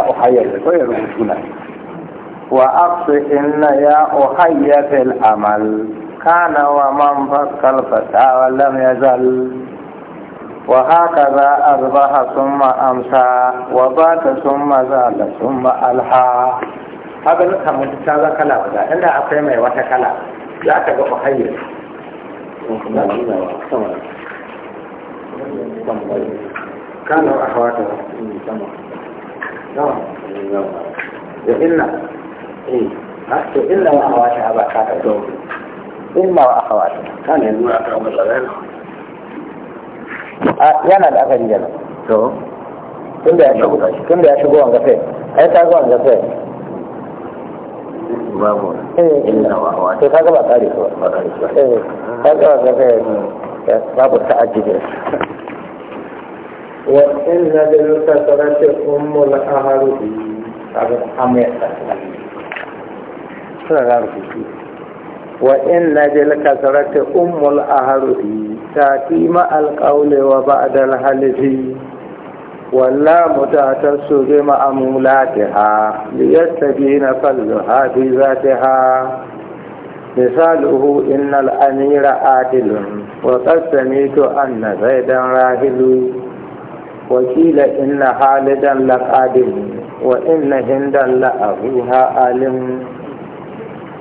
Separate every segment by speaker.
Speaker 1: أحيى غير مسلم وأقص إن يا أحيى في الأمل كان ومن فك فتى ولم يزل وهكذا أصبح ثم أمسى وبات ثم زال ثم ألحى هذا نفسه من هذا كلام هذا إلا أقيم
Speaker 2: وتكلام لا تبقى أحيى كانوا أخواتهم da aka
Speaker 1: yana da ya shigo wanga sai ai ta wanga sai babu eh. ba وإن بالكثرة أم الأهل وإن بالكثرة أم الأهل تاتيم القول وبعد الحلف واللام تعتص أمولاتها ليستبين فلها في ذاتها مثاله إن الأمير عادل وقد سمعت أن زيدا راهل وقيل إن خالدا لقادم وإن هندا لأبوها عالم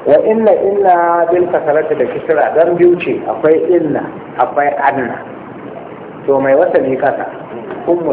Speaker 1: وإن إن بالكسرة لكسرة دم بيوتي أقوي إن أقوي أدنى ثم يوصل هكذا أم